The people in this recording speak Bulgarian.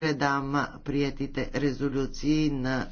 предам приятите резолюции на